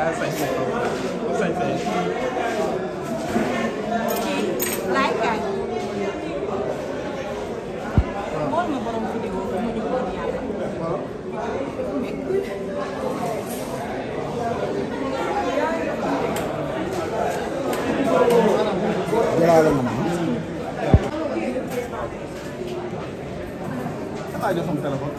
daa sañse ku sañse kii laay kaay bool ma borom vidéo bu ma ñu bool yàlla dinaa la mën a damaa jox sama téléphone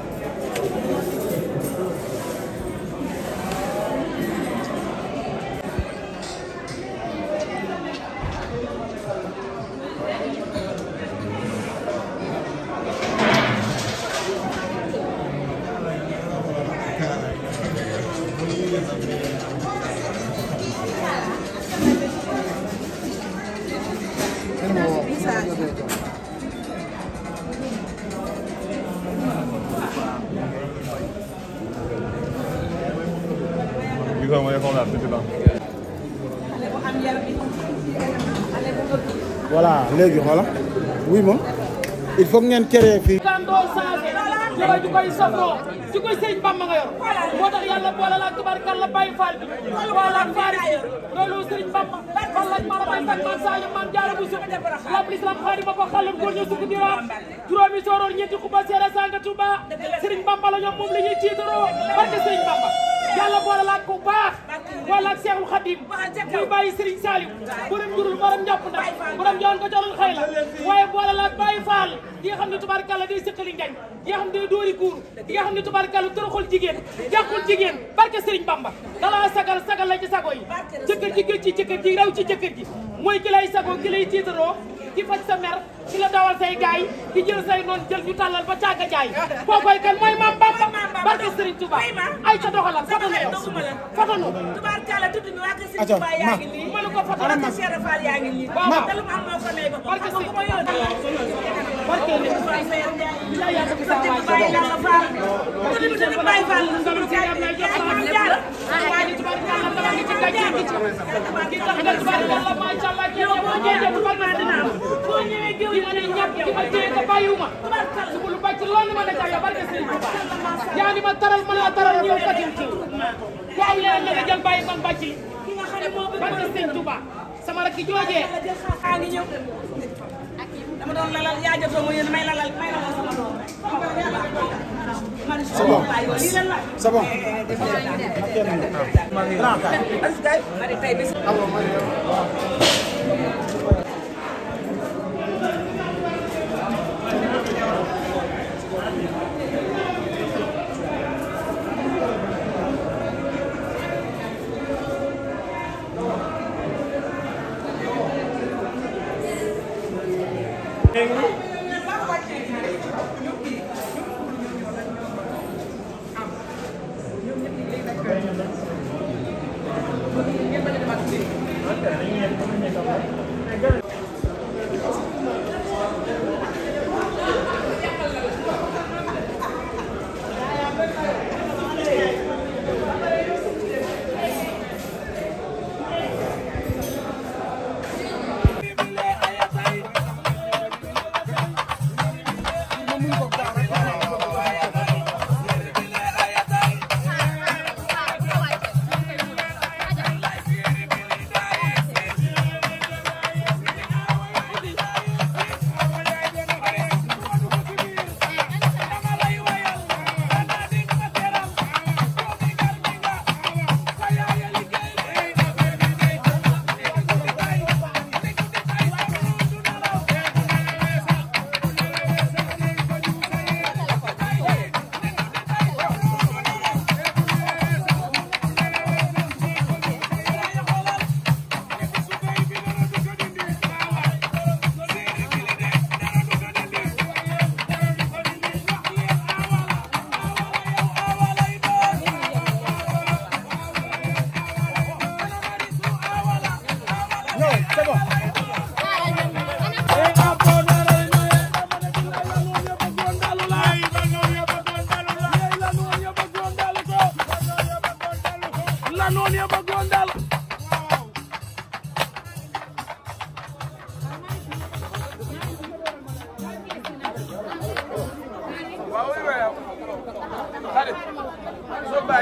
examen mooy xoolaat ci bilan. voilà léegi xoola wuy ma il faut ngeen créer fii. kandoo changé jikko ju koy safoo ji koy sëñ Bamba nga yor moo tax yàlla boole la tubarkal la Baye Fall bi wala Faris loolu sëñ Bamba man lañ ma bay tak man saa man jaara bu suuf la l'islam xaari ba ko xalal góor ñu sukk dira juróomi sooroor ñeenti xuba seera sanga Touba sëñ Bamba la ñoom moom la ñuy ciitaroo barke sëñ Bamba yàlla boole la ak ku baax boole ak Seexul Xadim muy bàyyi Serigne Saliou borom njurul borom njàpp ndax borom joon ko jorul xëy la waaye boole la ak Baye Fall yi nga xam ne tubaarkàlla day sëqali ngañ yi nga xam ne day dóori kuur yi nga xam ne tubaarkàlla toroxul jigéen jàqul jigéen barke Serigne Bamba dala sagal sagal la ci sago yi jëkkër ji gëj ci jëkkër ji raw ci jëkkër ji mooy ki sago ki tiitaroo di faj sa mer di la dawal say gaay di jël noon jël ñu tàllal ba caaga jaay kookoy kan mooy maam Bamba barke Serigne Touba ay ca doxalam foto na foto na tubaar kala tudd ñu waa kër Serigne ko foto na ci Cheikh ko may ba barke Serigne ma ñëwee géew yi ne ñàkk gi ma téye nga bàyyiwuma suba lu bàcc loolu ma nekk ak barke Sëriñ Tuuba yaa ni ma taral ma laa taral ñëw kat ku am leen nga jël bàyyi man bàcc li barke Sëriñ Tuuba sama rakk joojee a ngi ñëw dama doon lalal yaa jotoo ma yéen may lalal may lalal sama doom C'est bon c'est bon. Marie.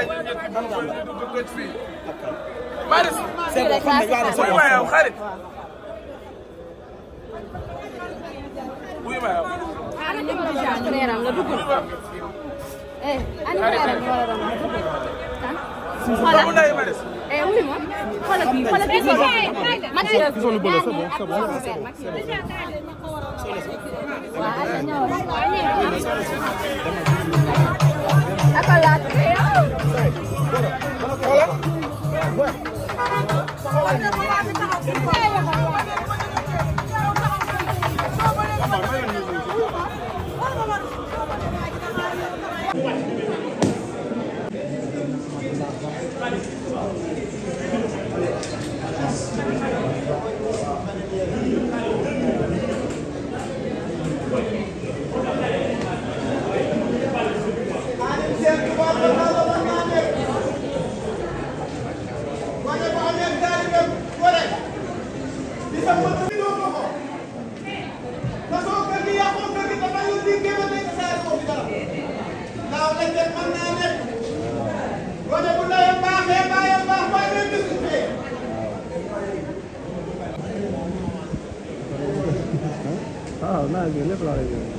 gars yi ñun ñëpp ñu ngi koy fii. Maris. c'est bon xam nga ma yow xarit. wuyu ma yow. xaaral ma Maris. Eh oui moi. Xoolal bi xoolal bi xoolal bi xoolal bi waaw naa ngi lépp laa lay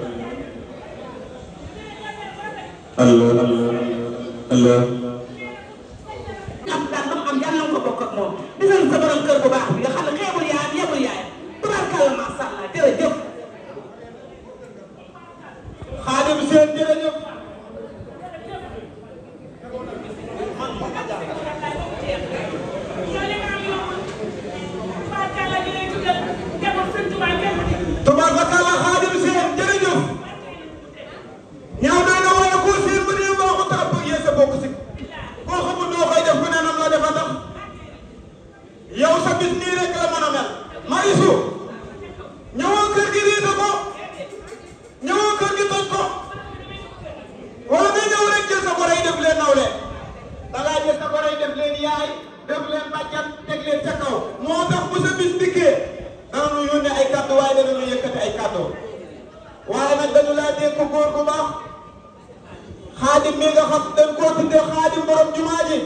dundal sa borom kër bu baax bi nga xam yàlla dégg ko góor bu baax xaadim mi nga xam dañ koo tuddee xaadim borom jumaa ji